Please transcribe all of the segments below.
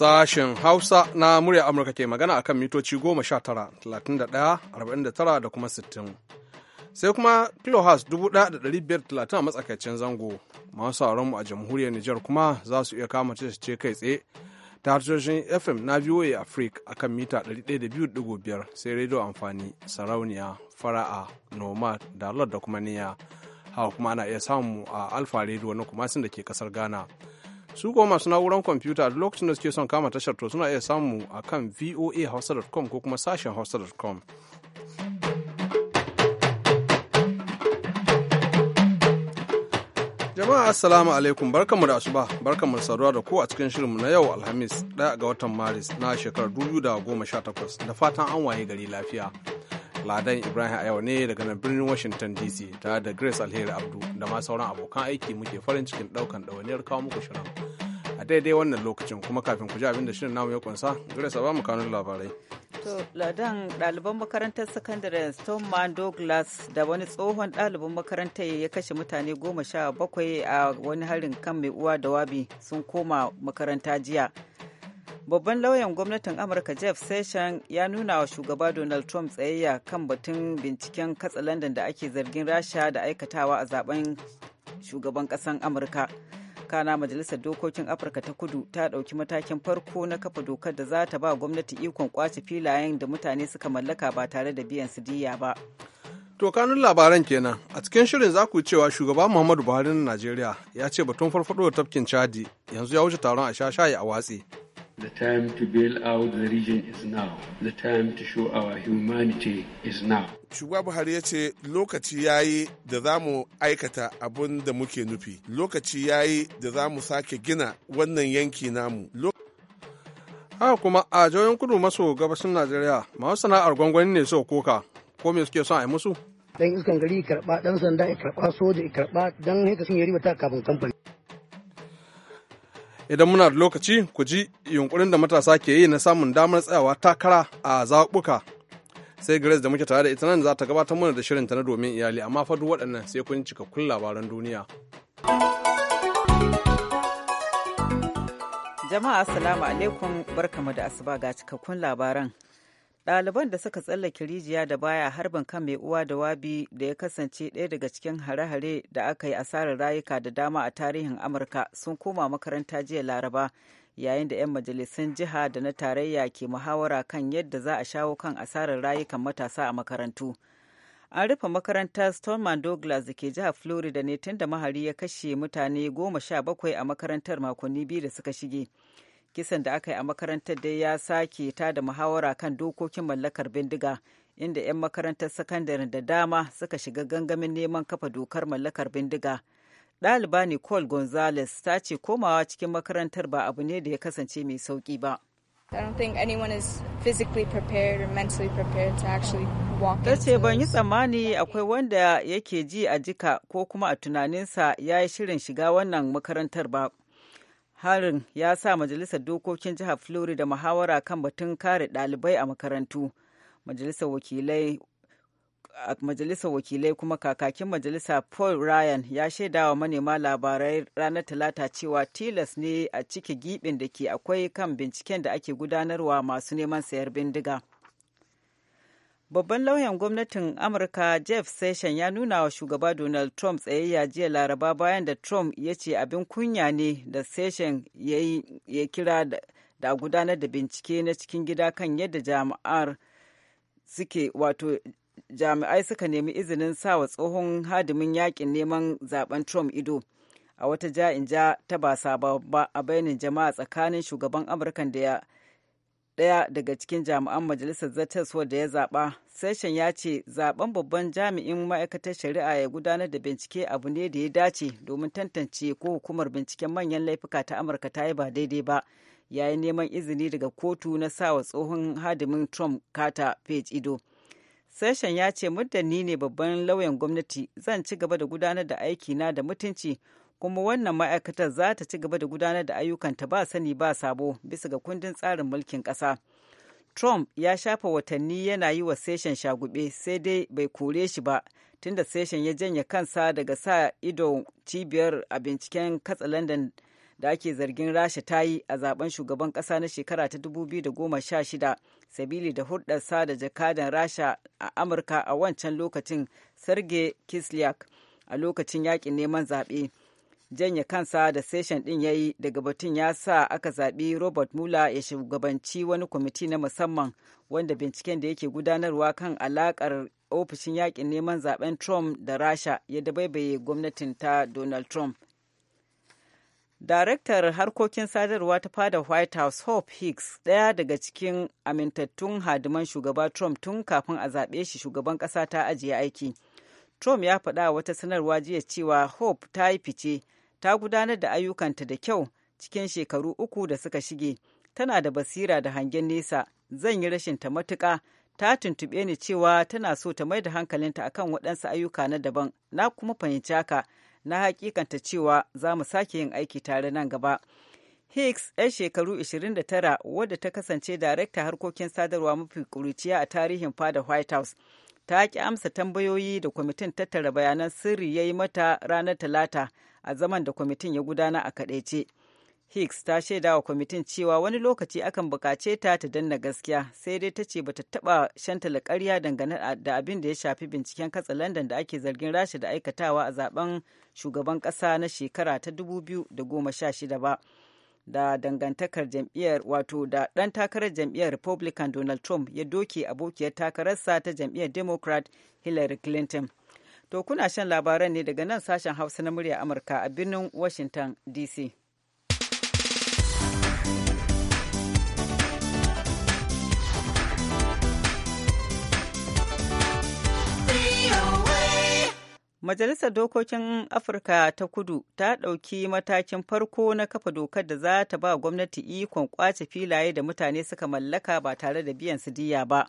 Sashen Hausa na murya Amurka ke magana akan mitoci 19,31,49 da kuma 60. Sai kuma kilohas 1,530 a matsakaicin zango. Masu mu a jamhuriyar Nijar kuma za su iya kama ce kai tsaye ta harshen FM na VOA Africa akan mita biyar sai rediyo amfani sarauniya fara'a nomad dalar da kuma niya. Hawa kuma ana iya samu a alfa rediyo na kuma sun da ke kasar Ghana. su kuma masu na'urar kwamfuta a lokacin da suke son kama tashar to suna iya samu a kan voahausa.com ko kuma sashen hausa.com jama'a assalamu alaikum barkanmu da asuba barkanmu da saduwa da ku a cikin shirinmu na yau alhamis 1 ga watan maris na shekarar 2018 da fatan an waye gari lafiya Ladan Ibrahim a yau ne daga nan birnin Washington DC tare da Grace Alheri Abdu da ma sauran abokan aiki muke farin cikin ɗaukan ɗawainiyar kawo muku shirin. A daidai wannan lokacin kuma kafin ku ji abin da shirin namu ya kunsa, Grace a ba kanun labarai. To, Ladan daliban makarantar sakandare man Douglas da wani tsohon ɗaliban makarantar ya kashe mutane goma sha bakwai a wani harin kan mai uwa da wabi sun koma makaranta jiya. babban lauyan gwamnatin amurka jeff session ya nuna wa shugaba donald trump tsayayya kan batun binciken katsa katsalandan da ake zargin rasha da aikatawa a zaben shugaban kasan amurka kana majalisar dokokin afirka ta kudu ta ɗauki matakin farko na kafa dokar da za ta ba gwamnati ikon kwace filayen da mutane suka mallaka ba tare da biyan su diya ba To kanun labaran kenan a cikin shirin za ku cewa shugaba Muhammadu Buhari na Najeriya ya ce batun farfado da tafkin Chadi yanzu ya wuce taron a sha shayi a watsi The time to bail out the region is now. The time to show our humanity is now. Shugaba Buhari ya ce lokaci ya yi da za mu aikata abun da muke nufi. Lokaci ya yi da za mu sake gina wannan yanki namu. Haka kuma a jauyin kudu maso gabashin Najeriya masu sana'ar gwangwani ne suka koka ko me suke son a yi musu? Dan iskan gari karɓa, dan sanda ya karɓa, soja ya karɓa, dan haka sun yi riba ta kafin kamfani. idan muna da lokaci ku ji yunkurin da matasa ke yi na samun damar tsayawa takara a zaɓuka sai grace da muke tare da ita nan za ta gabatar mana da ta na domin iyali amma fa duk waɗannan sai kun cikakkun labaran duniya jama'a asalamu alaikum barkamu da asuba ga cikakkun labaran ɗaliban da suka tsallake rijiya da baya harbin kan mai uwa da wabi da ya kasance ɗaya daga cikin hare-hare da aka yi asarar rayuka da dama a tarihin amurka sun koma makaranta jiya laraba yayin da 'yan majalisun jiha da na tarayya ke muhawara kan yadda za a shawo kan asarar rayukan matasa a makarantu an rufe makarantar stoneman douglas da ke jihar florida ne tun da mahari ya kashe mutane goma sha bakwai a makarantar makonni biyu da suka shige kisan da aka yi a makarantar dai ya sake ta da muhawara kan dokokin mallakar bindiga inda 'yan makarantar sakandare da dama suka shiga gangamin neman kafa dokar mallakar bindiga ɗaliba nicole gonzales ta ce komawa cikin makarantar ba abu ne da ya kasance mai sauƙi ba ta ce ban yi tsammani akwai wanda yake ji a jika ko kuma a tunaninsa ya yi shirin shiga wannan makarantar ba harin ya sa majalisar dokokin jihar florida muhawara kan batun kare dalibai a makarantu majalisar wakilai kuma kakakin majalisa paul ryan ya shaida wa manema labarai ranar talata cewa tilas ne a cike gibin da ke akwai kan binciken da ake gudanarwa masu neman sayar bindiga babban lauyan gwamnatin amurka jeff session ya nuna wa shugaba donald trump tsayayya jiya laraba bayan da trump ya ce abin kunya ne da session ya kira da gudanar da bincike na cikin gida kan yadda jami'ar suke wato jami'ai suka nemi izinin sa wa tsohon hadimin yakin neman zaben trump ido a wata ja in ja ta ba ba a bainin jama'a tsakanin shugaban amurkan da ya ɗaya daga cikin jami'an majalisar zartas da ya zaɓa session ya ce zaɓen babban jami'in ma'aikatar shari'a ya gudanar da bincike abu ne da ya dace domin tantance ko hukumar binciken manyan laifuka ta amurka ta yi ba daidai ba yayin neman izini daga kotu na sawa tsohon hadimin trump kata page ido session ya ce muddani ne babban lauyan gwamnati zan ci gaba da gudanar da aiki na da mutunci kuma wannan ma'aikatar za ta ci gaba da gudanar da ayyukanta ba sani ba sabo bisa ga kundin tsarin mulkin ƙasa. Trump ya shafa watanni yana yi wa Session shagube sai dai bai kore shi ba tunda Session ya janye kansa daga sa ido cibiyar a binciken katsalandan da ake zargin Rasha ta yi a zaben shugaban ƙasa na shekara ta 2016 sabili da hurɗarsa da jakadan Rasha a Amurka a wancan lokacin Sergei Kislyak a lokacin yakin neman zaɓe. janye kansa da session ɗin yayi daga batun ya sa aka zaɓi robert mueller ya shugabanci wani kwamiti na musamman wanda binciken da yake gudanarwa kan alaƙar ofishin yaƙin neman zaɓen trump da rasha ya dabaibaye gwamnatin ta donald trump Daraktar harkokin sadarwa ta fada White House Hope Hicks ɗaya daga cikin amintattun hadiman shugaba Trump tun kafin a zaɓe shi shugaban ƙasa ta ajiye aiki. Trump ya faɗa wata sanarwa jiya cewa Hope ta yi fice ta gudanar da ayyukanta da kyau cikin shekaru uku da suka shige tana da basira da hangen nesa zan yi rashin ta matuƙa ta tuntuɓe ni cewa tana so ta mai da hankalinta akan waɗansu ayyuka na daban na kuma fahimci haka na hakikanta cewa za mu sake yin aiki tare nan gaba hicks 'yar shekaru 29 wadda ta kasance darakta harkokin sadarwa mafi kuruciya a tarihin fada white house ta ki amsa tambayoyi da kwamitin tattara bayanan sirri ya yi mata ranar talata a zaman da kwamitin ya gudana a kadaice hicks ta shaida wa kwamitin cewa wani lokaci akan bukace ta ta danna gaskiya sai dai ta ce ba ta taba shantala karya dangane da abin da ya shafi binciken katsa london da ake zargin rasha da aikatawa a zaben shugaban ƙasa na shekara ta 2016 ba da dangantakar jam'iyyar wato da ɗan takarar jam'iyyar republican donald trump ya doke abokiyar takararsa ta jam'iyyar democrat hillary clinton To kuna shan labaran ne daga nan sashen Hausa na murya Amurka a birnin Washington DC. Majalisar Dokokin Afirka ta Kudu ta ɗauki matakin farko na kafa dokar da za ta ba gwamnati ikon kwace filaye da mutane suka mallaka ba tare da biyan su diya ba.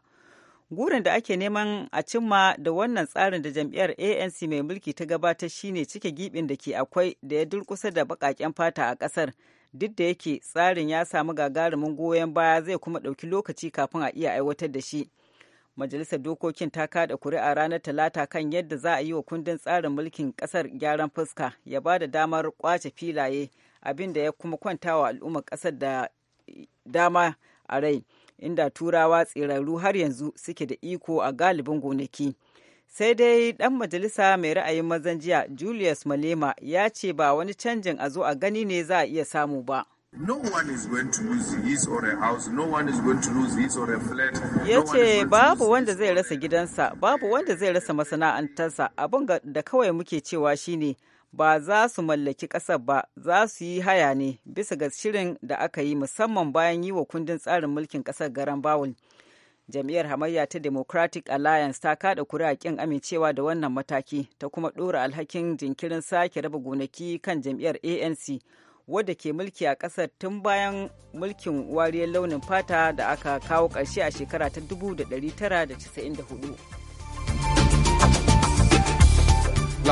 Gurin da ake neman a cimma da wannan tsarin da jam'iyyar ANC mai mulki ta gabatar shine cike gibin da ke akwai da ya durkusa da baƙaƙen fata a ƙasar. Duk da yake tsarin ya samu gagarumin goyon baya zai kuma ɗauki lokaci kafin a iya aiwatar da shi. Majalisar dokokin ta kada kuri'a ranar Talata kan yadda za a yi wa kundin tsarin mulkin ƙasar gyaran fuska ya ba da damar kwace filaye abin da ya kuma kwantawa al'ummar ƙasar da dama a rai. inda turawa tsirarru har yanzu suke da iko a galibin gonaki sai dai ɗan majalisa mai ra'ayin mazan jiya julius malema ya ce ba wani canjin a zo a gani ne za a iya samu ba No Ya ce babu wanda zai rasa gidansa, babu wanda zai rasa masana'antarsa. Abin da kawai muke cewa shine ba za su mallaki ƙasar ba za su yi haya ne bisa ga shirin da aka yi musamman bayan yi wa kundin tsarin mulkin ƙasar garan bawul jam'iyyar hamayya ta democratic alliance ta kada kuri'a kin amincewa da wannan mataki ta kuma ɗora alhakin jinkirin sake raba gonaki kan jam'iyyar anc wadda ke mulki a ƙasar tun bayan mulkin wariyar launin fata da aka kawo ƙarshe a shekara ta 1994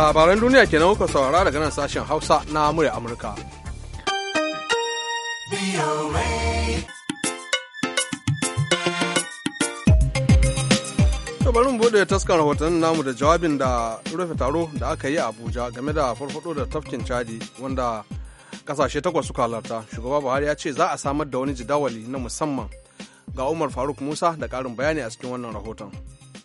labaran duniya nan kuka saurara daga nan sashen hausa na murya amurka bari mu bude taskar rahotannin namu da jawabin da rufe taro da aka yi a abuja game da farfado da tafkin chadi wanda kasashe takwas suka halarta shugaba buhari ya ce za a samar da wani jidawali na musamman ga umar faruk musa da karin bayani a cikin wannan rahoton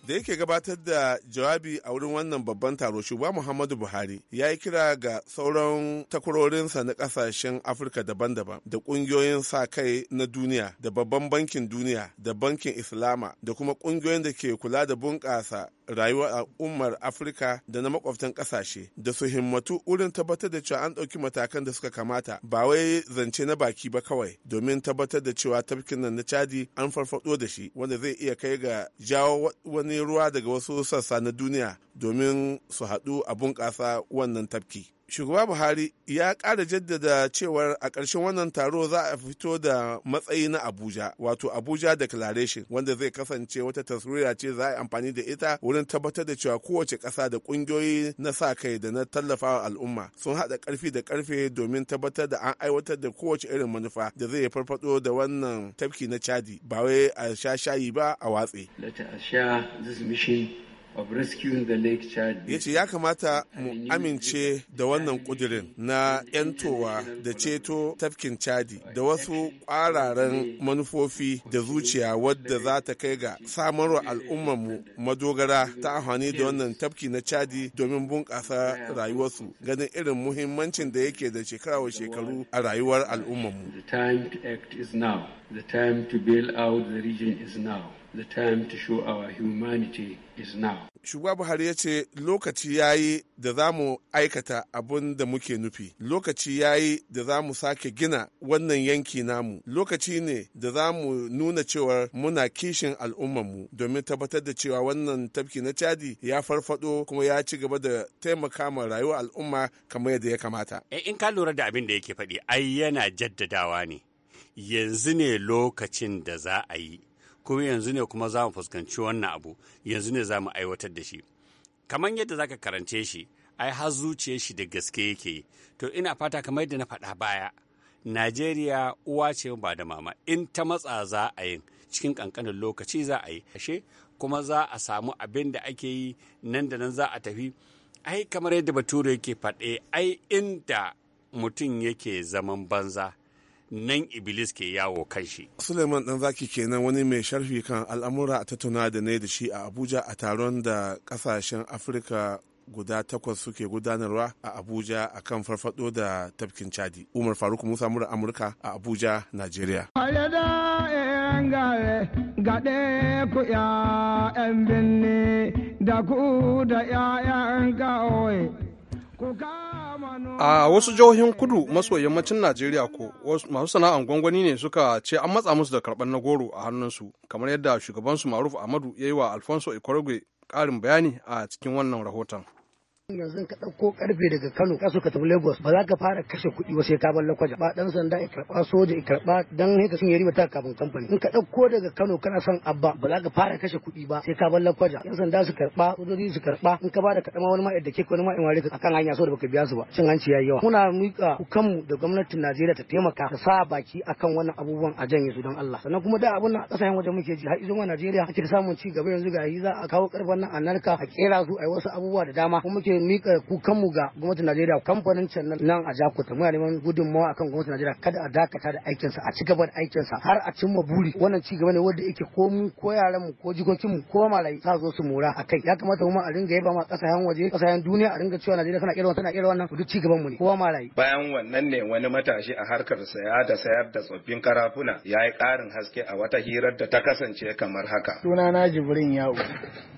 da yake gabatar da jawabi a wurin wannan babban taro shugaba muhammadu buhari ya yi kira ga sauran takwarorinsa na kasashen afirka daban-daban da kungiyoyin sa kai na duniya da babban bankin duniya da bankin islama da kuma kungiyoyin da ke kula da bunƙasa rayuwar al'ummar afirka da na makwabtan kasashe da su himmatu wurin tabbatar da cewa an ɗauki matakan da suka kamata ba wai zance na baki ba kawai domin tabbatar da cewa tafkin nan na chadi an farfado da shi wanda zai iya kai ga jawo wani ruwa daga wasu sassa na duniya domin su haɗu a bunƙasa wannan tafki. Shugaba Buhari ya ƙara jaddada cewar a ƙarshen wannan taro za a fito da matsayi na Abuja, wato Abuja Declaration, wanda zai kasance wata taswira ce za a yi amfani da ita wurin tabbatar da cewa kowace ƙasa da ƙungiyoyi na sa kai da na tallafawa al'umma sun haɗa ƙarfi da ƙarfe domin tabbatar da an aiwatar da kowace irin manufa da zai farfaɗo da wannan tafki na Chadi, ba wai a sha shayi ba a watse. Let ya ce ya kamata mu amince da wannan kudirin na 'yantowa da ceto tafkin chadi da wasu ƙwararen manufofi da zuciya wadda za ta kai ga samarwa al'ummarmu madogara ta amfani da wannan tafki na chadi domin bunƙasa rayuwarsu ganin irin muhimmancin da yake da shekara wa shekaru a rayuwar al'ummarmu. The time to act is now. The time to bail out the region is now. The time to show our humanity is now. Shugaba Buhari ya ce lokaci ya yi da za mu aikata abin da muke nufi, lokaci ya yi da za mu sake gina wannan yanki namu, lokaci ne da za mu nuna cewar muna kishin al'ummanmu domin tabbatar da cewa wannan tafki na Chadi ya farfado kuma ya ci gaba da taimaka ma rayuwar al'umma kamar yadda ya kamata. Eh, in ka lura da abin da yake faɗi, ai yana jaddadawa ne, yanzu ne lokacin da za a yi. kuma yanzu ne kuma za mu fuskanci wannan abu yanzu ne za mu aiwatar da shi kamar yadda zaka karance shi ai har zuciyar shi da gaske yake yi to ina fata kamar yadda na faɗa baya najeriya uwa ce ba da mama in ta matsa za a yi cikin kankanin lokaci za a yi ashe kuma za a samu abin da ake yi nan da nan za a tafi ai kamar yadda bature yake faɗe ai inda mutum yake zaman banza nan iblis ke yawo kan shi suleiman dan zaki kenan wani mai sharfi kan al'amura a tattauna da ne da shi a abuja a taron da ƙasashen afirka guda takwas suke gudanarwa a abuja a kan farfado da tafkin chadi umar faruk musa mura amurka a abuja nigeria gaɗe ‘ya'yan da da a wasu jihohin kudu maso yammacin najeriya ko masu sana'an gwangwani ne suka ce an matsa musu da karɓar na goro a hannunsu kamar yadda shugabansu maruf ahmadu ya yi wa alfonso ikorogwe ƙarin bayani a cikin wannan rahoton yanzu ka ɗauko karfe daga Kano ka so ka tafi Lagos ba za ka fara kashe kuɗi wasu ya ka bar lakwaja ba dan sanda ya karɓa soja ya karɓa don haka sun yi riba ta kafin kamfani in ka ɗauko daga Kano kana son abba ba za ka fara kashe kuɗi ba sai ka bar lakwaja yan sanda su karɓa sojoji su karɓa in ka bada kaɗama wani ma'aikata ke wani ma ka a akan hanya so da baka biya su ba cin hanci yayi yawa muna mika kanmu da gwamnatin Najeriya ta taimaka ta sa baki akan wannan abubuwan a janye su don Allah sannan kuma da abun nan kasashen waje muke ji har izo ma Najeriya ake samun ci gaba yanzu ga yi za a kawo ƙarfen nan a narka a kera su a wasu abubuwa da dama kuma muke ne mika kukanmu ga gwamnatin Najeriya kamfanin can nan a Jakarta muna neman gudunmawa akan gwamnatin Najeriya kada a dakata da aikin sa a ci gaba da aikin sa har a cimma buri wannan ci gaba ne wanda yake ko mu ko yaran mu ko jikokin mu ko malai sa zo su mura akai ya kamata mu a ringa yaba ma kasashen waje kasashen duniya a ringa cewa Najeriya kana irin tana irin wannan duk ci gaban mu ne ko malai bayan wannan ne wani matashi a harkar saya da sayar da tsoffin karafuna ya yi ƙarin haske a wata hirar da ta kasance kamar haka sunana Jibrin Ya'u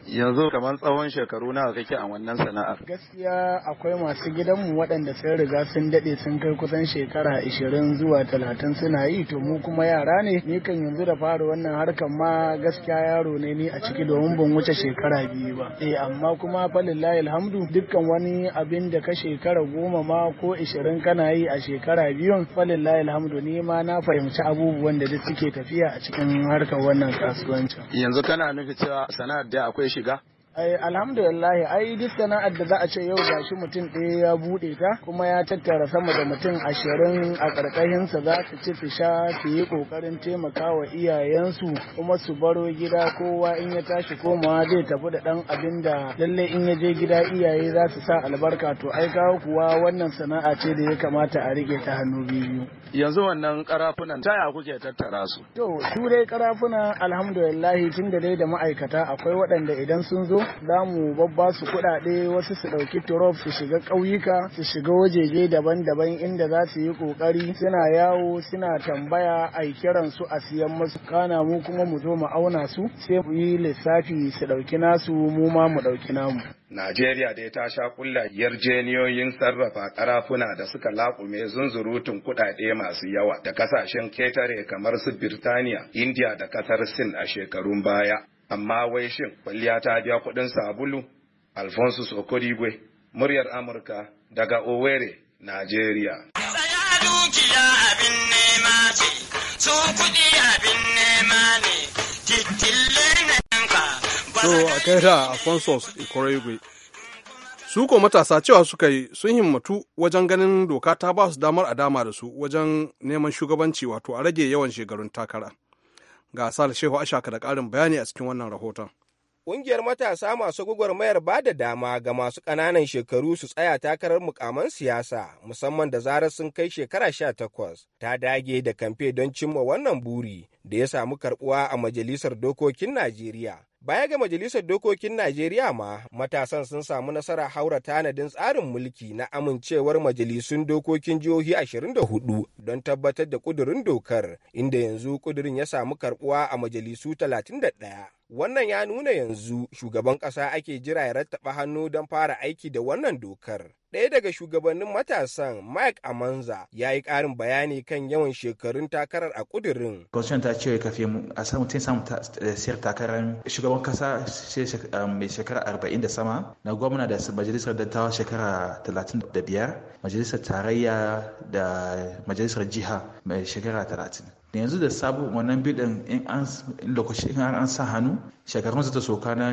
yanzu kamar tsawon shekaru nawa kake a wannan sana'ar gaskiya akwai masu gidanmu waɗanda sun riga sun daɗe sun kai kusan shekara ishirin zuwa talatin suna yi to mu kuma yara ne ni kan yanzu da fara wannan harkar ma gaskiya yaro ne ni a ciki domin ban wuce shekara biyu ba eh amma kuma falillahi alhamdu dukkan wani abin da ka shekara goma ma ko ashirin kana yi a shekara biyun falillahi alhamdu ni ma na fahimci abubuwan da suke tafiya a cikin harkar wannan kasuwanci. yanzu kana nufi cewa sana'ar da akwai shiga ai alhamdulillah ai duk sana'ar da za a ce yau shi mutum ɗaya ya buɗe ta kuma ya tattara sama da mutum ashirin a ƙarƙashinsa za su ci su sha su yi ƙoƙarin taimakawa iyayensu kuma su baro gida kowa in ya tashi komawa zai tafi da ɗan abin da lalle in ya je gida iyaye za su sa albarka to ai kawo kuwa wannan sana'a ce da ya kamata a rike ta hannu biyu yanzu wannan karafunan taya kuke tattara su to su dai karafunan alhamdulillah tun da dai da ma'aikata akwai waɗanda idan sun zo za mu babba su kuɗaɗe wasu su ɗauki turof su shiga ƙauyuka su shiga wajeje daban-daban inda za su yi ƙoƙari suna yawo suna tambaya a kiran su a siyan musu kana mu kuma mu zo mu auna su sai mu yi lissafi su ɗauki nasu mu ma mu ɗauki namu Najeriya dai ta sha kulla yarjeniyoyin sarrafa karafuna da suka laƙume zunzurutun kuɗaɗe masu yawa da kasashen ketare kamar su Birtaniya, India da ƙasar Sin a shekarun baya. Amma wai shin kwalliya ta biya kuɗin sabulu? Alfonso Sokodigwe, muryar Amurka daga Owerri, Najeriya. Tsaya dukiya abin nema abin nema ne, so a kai da alphonsus ikoregwe su ko matasa cewa suka yi sun himmatu wajen ganin doka ta ba su damar a dama da su wajen neman shugabanci wato a rage yawan shekarun takara ga sal shehu ashaka da karin bayani a cikin wannan rahoton Ƙungiyar matasa masu gwagwarmayar ba da dama ga masu ƙananan shekaru su tsaya takarar mukaman siyasa musamman da zarar sun kai shekara sha takwas ta dage da kamfe don cimma wannan buri da ya samu karɓuwa a majalisar dokokin Najeriya Baya ga Majalisar Dokokin Najeriya ma matasan sun samu nasara haura tanadin tsarin mulki na amincewar majalisun dokokin jihohi 24 don tabbatar da kudurin dokar inda yanzu kudurin ya samu karbuwa a majalisu 31. Wannan ya nuna yanzu shugaban ƙasa ake jira ya rattaba hannu don fara aiki da wannan dokar. Ɗaya daga shugabannin matasan Mike Amanza ya yi ƙarin bayani kan yawan shekarun takarar a ƙudurin. Constitution ta ce kafin a samu tun samu eh, siyar takarar shugaban kasa eh, mai shekara arba'in da sama na gwamna da majalisar dattawa shekara talatin da biyar majalisar tarayya da majalisar jiha mai shekara talatin. yanzu da sabu wannan bidan in an lokaci in an sa hannu shekarun su ta soka na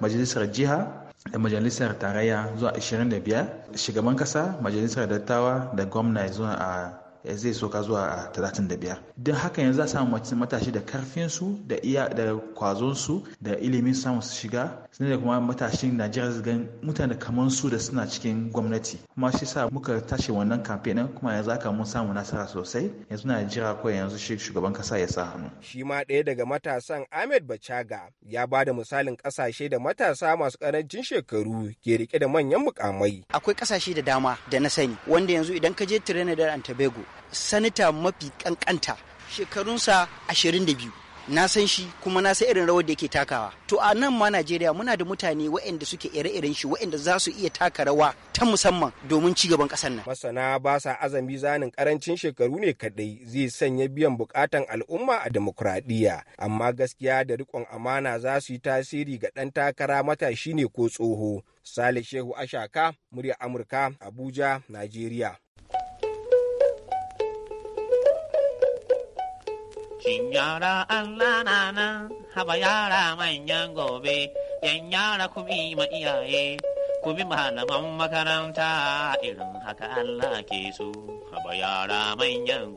majalisar jiha da majalisar tarayya zuwa 25 shugaban kasa majalisar dattawa da gwamna zuwa a Eh, zai sauka zuwa ah, talatin da a biyar don haka yanzu za samu matashi da karfinsu da iya da kwazonsu da ilimin samun su shiga sannan da kuma matashin najeriya gan mutane kamar su da suna cikin gwamnati kuma shi sa muka tashi wannan kamfe kuma yanzu aka mun samu nasara sosai yanzu na jira ko yanzu shi shugaban kasa ya sa hannu. shi ma ɗaya daga matasan ahmed bachaga ya ba da misalin ƙasashe da matasa masu ƙarancin shekaru ke rike da manyan mukamai. akwai ƙasashe da dama da na sani wanda yanzu idan ka je trinidad and tobago sanita mafi kankanta shekarunsa 22 na san shi kuma na san irin rawar da yake takawa to a nan ma najeriya muna da mutane waɗanda suke ire-iren shi waɗanda za su iya taka rawa ta musamman domin ci gaban ƙasar nan masana ba sa azami zanin karancin shekaru ne kaɗai zai sanya biyan bukatan al'umma a demokuraɗiyya amma gaskiya da riƙon amana za su yi tasiri ga ɗan takara matashi ne ko tsoho salih shehu ashaka murya amurka abuja najeriya Yan Allah na nan, haba yara manyan gobe, ma iyaye, ku malaman makaranta irin haka Allah ke so, haba yara manyan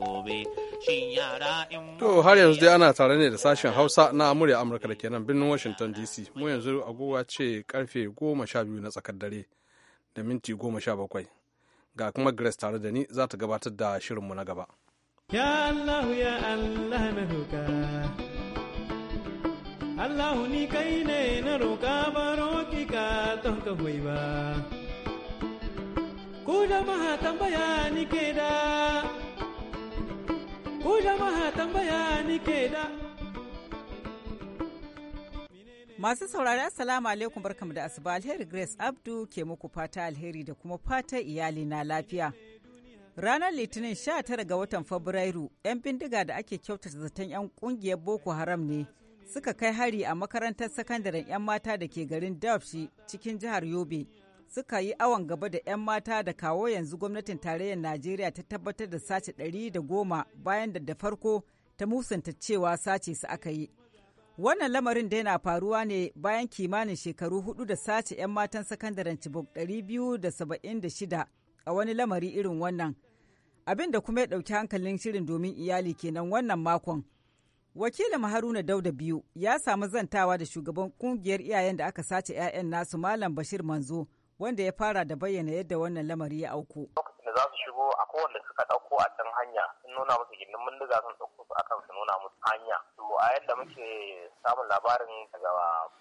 To har yanzu dai ana tare ne da sashen Hausa na murya Amurka da kenan birnin Washington DC. Mu yanzu agogo ce karfe goma sha biyu na tsakar dare da minti goma sha bakwai. Ga kuma Grace tare da ni za ta gabatar da shirinmu na gaba. Ya Allah ya Allah na roƙa Allah ni kai ne na roƙa baro ki ka ton ka hoyi ba Ku jama'a tambaya ni ke da Ku jama'a tambaya ni ke da Masu saurari Assalamu alaikum barkamu da asuba alheri Grace Abdu ke muku fata alheri da kuma fata iyali na lafiya. Ranar Litinin 19 ga watan Fabrairu, 'yan bindiga da ake kyautata zaton 'yan kungiyar Boko Haram ne suka kai hari a makarantar sakandaren 'yan mata da ke garin Dabshi cikin jihar Yobe. Suka yi awon gaba da 'yan mata da kawo yanzu gwamnatin tarayyar Najeriya ta tabbatar da sace goma bayan da da farko ta musanta cewa sace su aka yi. Wannan lamarin da yana faruwa ne bayan kimanin shekaru hudu da sace 'yan matan sakandaren Chibok 276 a wani lamari irin wannan abin da kuma ya ɗauki hankalin shirin domin iyali kenan wannan makon. Wakilin Haruna Dauda biyu ya samu zantawa da shugaban kungiyar iyayen da aka sace 'ya'yan nasu Malam Bashir Manzo wanda ya fara da bayyana yadda wannan lamari ya auku. Lokacin da za su shigo a kowanne suka ɗauko a can hanya sun nuna musu gindin mundiga sun ɗauko su akan su nuna musu hanya. To a yadda muke samun labarin daga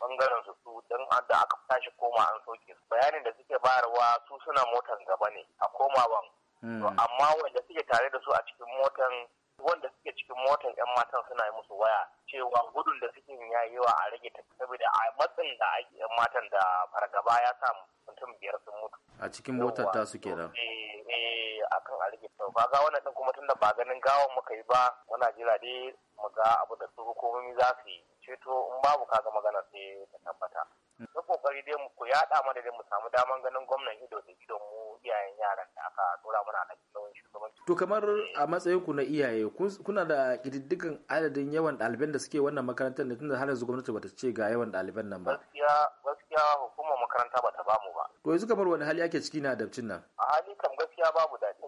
bangaren su su don da aka tashi koma an soke su. Bayanin da suke bayarwa su suna motar gaba ne a komawa. Hmm. amma wanda suke tare da su a cikin motan wanda suke cikin motan yan matan suna yi musu waya cewa gudun da suke ya yi wa a rage ta saboda a matsin da ake yan matan da fargaba ya sa mutum biyar sun mutu a cikin motar ta su kenan eh, eh akan a rage ta ba ga wannan din kuma tunda ba ganin gawan muka yi ba muna jira dai mu ga abu da su hukumomi za su yi ceto in babu kaga magana sai ta tabbata da hmm. kokari dai mu ku yaɗa mana dai mu samu daman ganin gwamnan ido da idon mu iyayen yaran da aka tura mana a tsawon shugabanci to kamar a matsayin ku na iyaye kuna da kididdigan adadin yawan ɗaliban da suke wannan makarantar ne tunda har yanzu gwamnati bata ce ga yawan ɗaliban nan ba gaskiya gaskiya hukumar makaranta bata bamu ba to yanzu kamar wani hali ake ciki na adabcin nan a hali kam gaskiya babu daɗi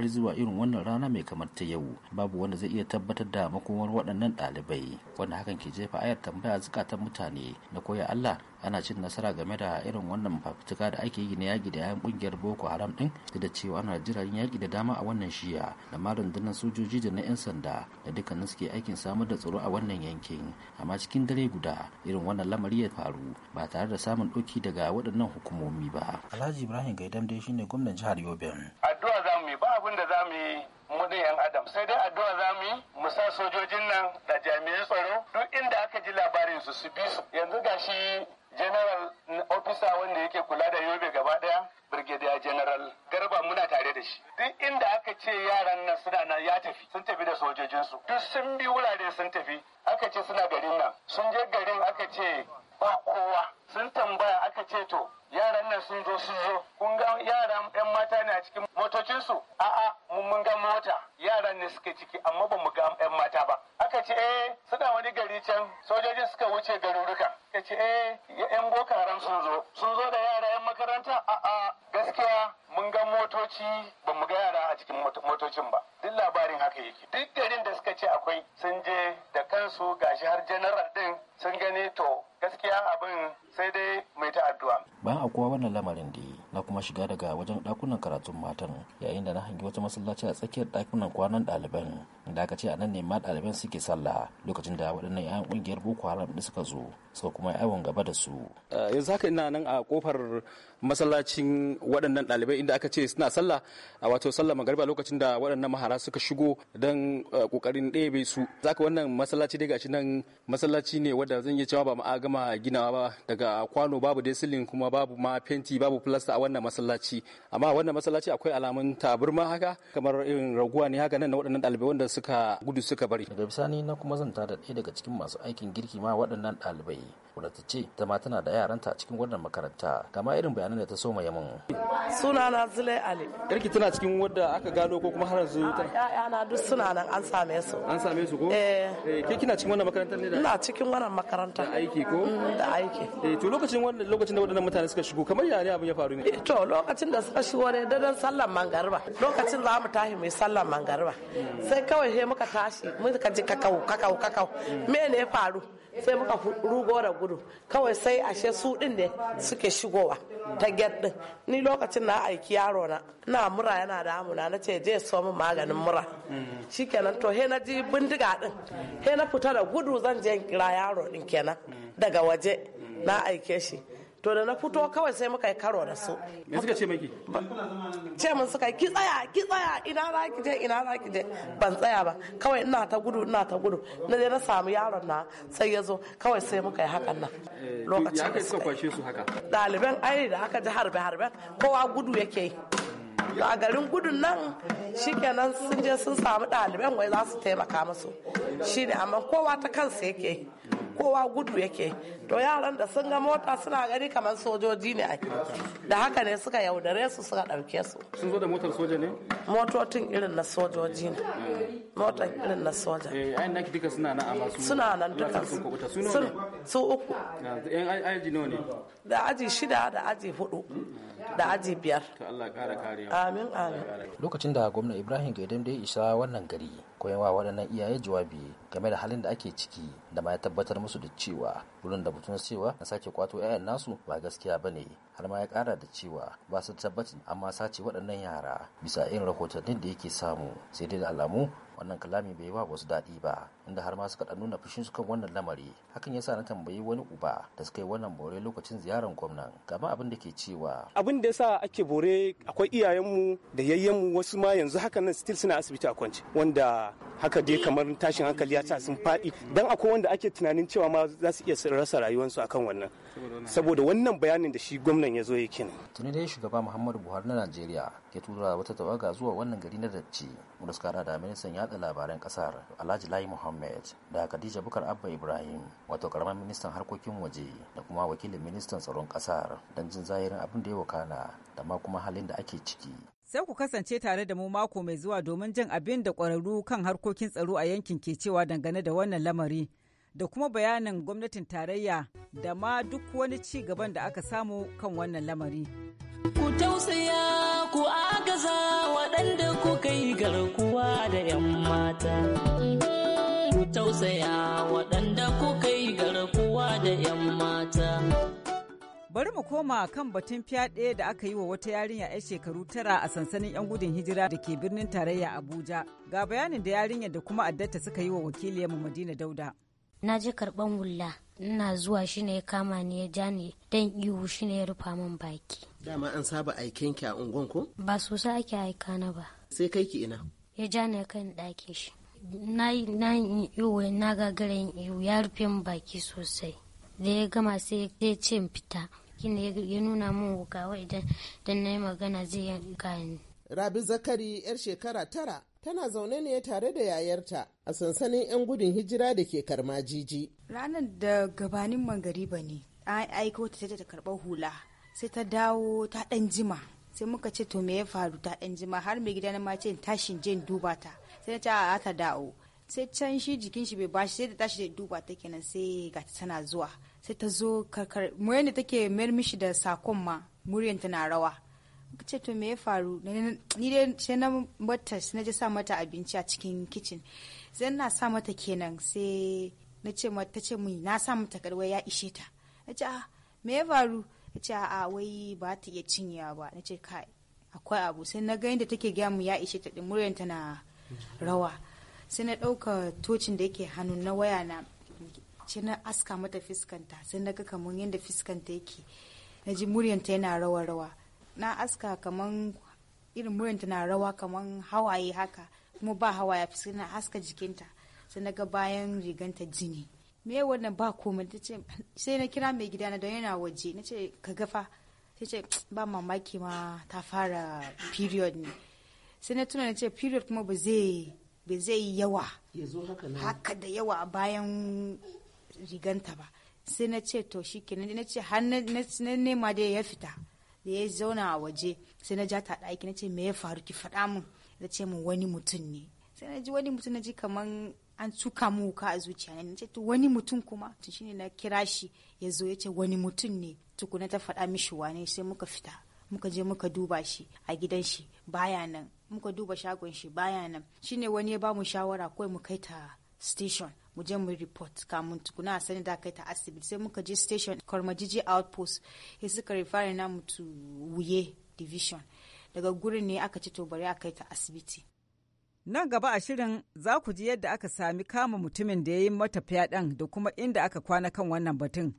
har zuwa irin wannan rana mai kamar ta yau babu wanda zai iya tabbatar da makomar waɗannan ɗalibai wanda hakan ke jefa ayar tambaya zukatan mutane na koya Allah ana cin nasara game da irin wannan fafutuka da ake yi na yaƙi da yayan ƙungiyar Boko Haram ɗin da cewa ana jiragen yaƙi da dama a wannan shiya da ma rundunar sojoji da na 'yan sanda da dukkanin suke aikin samar da tsaro a wannan yankin amma cikin dare guda irin wannan lamari ya faru ba tare da samun ɗauki daga waɗannan hukumomi ba. Alhaji Ibrahim Gaidam dai shine gwamnan jihar Yobe. addu'a za mu yi ba abin da za mu yi mu da yan adam sai dai addu'a za mu yi mu sa sojojin nan da jami'an tsaro duk inda aka ji labarin su su bi su yanzu gashi general officer wanda yake kula da yobe gaba daya brigadier general garba muna tare da shi duk inda aka ce yaran nan suna nan ya tafi sun tafi da sojojinsu duk sun bi wurare sun tafi aka ce suna garin nan sun je garin aka ce ba kowa sun tambaya aka ce to yaran nan sun zo sun zo kun ga yaran yan mata ne a cikin motocinsu a'a mun mun ga mota yaran ne suke ciki amma ba mu ga yan mata ba aka ce eh suna wani gari can sojojin suka wuce garuruka aka ce eh yan boko haram sun zo sun zo da yara yan makaranta a'a gaskiya mun ga motoci ba mu ga yara a cikin motocin ba duk labarin haka yake duk garin da suka ce akwai sun je da kansu gashi har general din sun gani to gaskiya abin sai dai mai ta addu'a a kowa wannan lamarin da na kuma shiga daga wajen dakunan karatun matan yayin da na hangi wata masallaci a tsakiyar dakunan kwanan ɗaliban da aka ce a nan ne ma ɗaliban suke sallah lokacin da waɗannan 'ya'yan ƙungiyar boko haram da suka zo suka kuma gaba da su yanzu haka ina nan a kofar masallacin waɗannan ɗalibai inda aka ce suna sallah a wato sallah magariba lokacin da waɗannan mahara suka shigo don ƙoƙarin ɗebe su zaka wannan masallaci dai gashi nan masallaci ne wanda zan iya cewa ba ma gama ginawa ba daga kwano babu dai silin kuma babu ma fenti babu filasta a wannan masallaci amma wannan masallaci akwai alamun taburma haka kamar irin raguwa ne haka nan na waɗannan ɗalibai wanda su suka gudu suka bari daga bisani na kuma zan tada ɗaya daga cikin masu aikin girki ma waɗannan ɗalibai wadda ta ce ta ma tana da yaranta a cikin wannan makaranta kama irin bayanan da ta so ma yamin suna na zule ali yarki tana cikin wadda aka gano ko kuma har yanzu ya na duk suna nan an same su an same su ko eh. eh ke kina cikin wannan makarantar ne da ina cikin wannan makaranta da aiki ko mm, da aiki eh to lokacin wannan lokacin da waɗannan mutane suka shigo kamar yare abin ya faru ne eh, to lokacin da suka shigo ne da dan sallar mangariba lokacin za mu tahi mai sallar mangariba mm. sai kawai kawai muka tashi muka ji kakau kakau kakau me ne ya faru sai muka rugo da gudu kawai sai ashe su din ne suke shigowa ta get din ni lokacin na aiki yaro na na mura yana da amuna na ce je so min maganin mura shi kenan to he na ji bindiga din he na fita da gudu zan je kira yaro din kenan daga waje na aike shi to da na fito kawai sai muka yi karo da su me suka ce miki ce mun suka ki tsaya ki tsaya ina za ki je ina za ki je ban tsaya ba kawai ina ta gudu ina ta gudu na dai na samu yaron na sai ya zo kawai sai muka yi hakan nan eh, lokacin da suka kwashe su haka Daliban ai da aka ji harbe harbe kowa gudu yake yi a garin gudun nan shikenan sun je sun samu ɗaliban wai za su taimaka musu shi ne amma kowa ta kansa yake kowa gudu yake to yaran da sun ga mota suna gani kamar sojoji ne ake da haka ne suka yaudare su suka ɗauke su sun zo da motar soja ne motocin irin na sojoji ne motar irin na soja eh ayin naki duka suna nan amma suna nan duka su uku ah, yan aji nawa ne da aji shida da aji hudu da aji biyar. Amin amin. Lokacin da gwamna Ibrahim Gaidam da ya isa wannan gari koyawa waɗannan iyaye jawabi game da halin da ake ciki da ma ya tabbatar musu da cewa wurin da mutum cewa na sake kwato 'ya'yan nasu ba gaskiya ba ne har ma ya ƙara da cewa ba su tabbacin amma sace waɗannan yara bisa irin rahotannin da yake samu sai dai da alamu wannan kalami bai wa wasu daɗi ba inda har ma suka ɗan nuna fushin su kan wannan lamari hakan yasa na tambayi wani uba da suka yi wannan bore lokacin ziyarar gwamnan gama abin da ke cewa abin da yasa ake bore akwai iyayenmu da yayyenmu wasu ma yanzu hakan nan still suna asibiti a kwance wanda haka dai kamar tashin hankali ya sa sun faɗi dan akwai wanda ake tunanin cewa ma za su iya rasa rayuwarsu akan wannan saboda wannan bayanin da shi gwamnan ya zo ya kina. tuni dai shugaba muhammadu buhari na najeriya ke tura wata tawaga zuwa wannan gari na dacci wanda suka da ministan yada labaran kasar alhaji lai muhammad da khadija bukar abba ibrahim wato karamar ministan harkokin waje da kuma wakilin ministan tsaron kasar don jin zahirin abin da ya wakana da ma kuma halin da ake ciki sai ku kasance tare da mu mako mai zuwa domin jin abin da kwararru kan harkokin tsaro a yankin ke cewa dangane da wannan lamari da kuma bayanin gwamnatin tarayya da ma duk wani ci gaban da aka samu kan wannan lamari. Ku tausaya ku agaza waɗanda ku kai garkuwa da 'yan mata. Ku tausaya waɗanda ku kai garkuwa da 'yan mata. Bari mu koma kan batun fyaɗe da aka yi wa wata yarinya 'yan shekaru tara a sansanin 'yan gudun hijira da ke birnin tarayya Abuja. Ga bayanin da yarinya da kuma addata suka yi wa wakiliyarmu Madina Dauda. na je karban wulla ina zuwa shi ne ya kama ni ya ja ni dan ihu shi ne ya rufa min baki dama an saba aiken ki a unguwan ko ba sosai ake aika na ba sai kai ki ina ya ja ni kan ɗakin shi na yi iwu na gagara yin ihu ya rufe min baki sosai da ya gama sai ya ce in fita kina ya nuna min wuka wai idan na yi magana zai yi ni rabi zakari yar shekara tara tana zaune ne tare da yayarta a sansanin 'yan gudun hijira da ke karma jiji Ranar da gabanin mangariba ne, an aiko ta ta karɓar hula, sai ta dawo ta ɗan jima. Sai muka ce to me ya faru ta ɗan jima har mai gida na mace tashin jin duba ta, sai ta a ta dawo. Sai can shi jikin shi bai bashi sai ta tashi da duba ta kenan sai ga tana zuwa. Sai ta zo karkar, muryar da take mayar mishi da sakon ma, muryan tana rawa. muka ce to me ya faru ni dai sai na mata na ji sa mata abinci a cikin kicin sai na sa mata kenan sai na ce mata ce mun na sa mata karwai ya ishe ta na ce ah, me ya faru na ce a wai ba ta iya cinyewa ba na ce kai akwai abu sai na ga yadda take gaya mu ya ishe ta din muryar na rawa sai na ɗauka tocin da yake hannu na waya na ce na aska mata fiskanta sai na ga kamar yadda fiskanta yake na ji muryanta yana rawa rawa na aska kamar irin muryanta na rawa kamar hawaye haka kuma ba hawa ya fi na haska jikinta sai na ga bayan riganta jini me wannan ba komai ta ce sai na kira mai gidana don yana waje na ce ka gafa ta ce ba mamaki ma ta fara period ne sai na tuna na ce period kuma ba zai ba zai yawa haka da yawa a bayan riganta ba sai na ce to shi kenan na ce har na nema da ya fita da ya zauna a waje sai na ja ta ɗaki na ce me ya faru ki faɗa mun ta ce mu wani mutum ne sai na ji wani mutum na ji kamar an cuka mu wuka a zuciya na ce to wani mutum kuma to shine na kira shi ya zo ya ce wani mutum ne tukuna ta faɗa mishi wane sai muka fita muka je muka duba shi a gidan shi baya nan muka duba shagon shi baya nan shine wani ya ba mu shawara kawai mu kai ta station mu je mu report kamun tukuna a sani da kai ta asibiti sai muka je station kormajiji outpost ya suka refer na mu wuye division daga gurin ne aka ci to a kai ta asibiti nan gaba a shirin za ku ji yadda aka sami kama mutumin da ya yi mata fyaɗan da kuma inda aka kwana kan wannan batun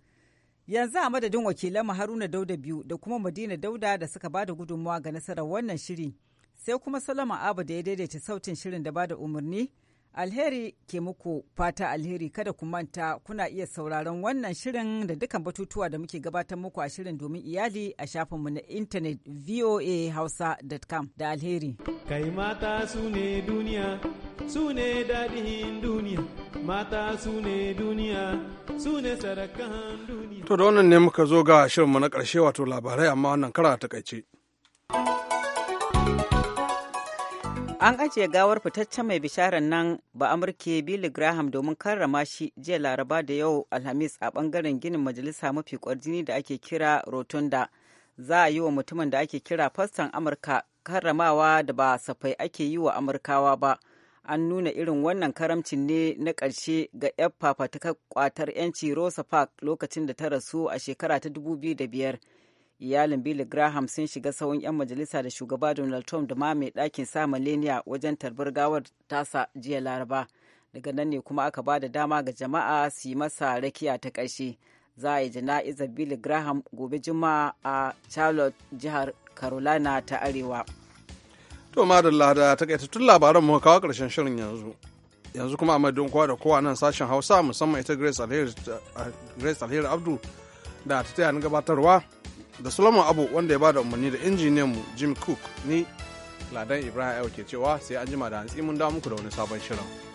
yanzu a madadin wakilan haruna dauda biyu da kuma madina dauda da suka ba da gudunmawa ga nasarar wannan shiri sai kuma salama abu da ya daidaita sautin shirin da ba da umarni Alheri ke muku fata alheri kada ku manta kuna iya sauraron wannan shirin da dukan batutuwa da muke gabatar muku a shirin domin iyali a shafinmu na intanet voahausa.com da alheri. Kai mata su ne duniya, su ne daɗin duniya, mata su ne duniya, su ne sarakan duniya. To da wannan ne muka zo ga shirinmu na ƙarshe wato labarai amma wannan kara takaice. An ajiye gawar fitaccen mai bisharar nan ba Amurke Billy Graham domin karrama shi jiya Laraba da yau Alhamis a bangaren ginin majalisa mafi kwarjini da ake kira Rotunda. Za a yi wa mutumin da ake kira fastan Amurka karramawa da ba safai ake yi wa Amurkawa ba. An nuna irin wannan karamcin ne na karshe ga 'yan fafatakar kwatar 'yanci Rosa Park lokacin da ta rasu a shekara ta 2005. iyalin billy graham sun shiga sahun 'yan majalisa da shugaba donald trump da ma mai ɗakin sa millennia wajen tarbar gawar tasa jiya laraba daga nan ne kuma aka ba da dama ga jama'a su yi masa rakiya ta ƙarshe za a yi jana'izar billy graham gobe juma'a a charlotte jihar carolina ta arewa to madalla da takaitattun labaran mu kawo ƙarshen shirin yanzu yanzu kuma a madadin kowa da kowa nan sashen hausa musamman ita grace alheri abdu da ta taya gabatarwa da solomon abu wanda ya ba da umarni da injiniyan mu jim cook ni ladan ibrahim ke cewa sai an jima da hantsi mun dawo muku da wani sabon shirin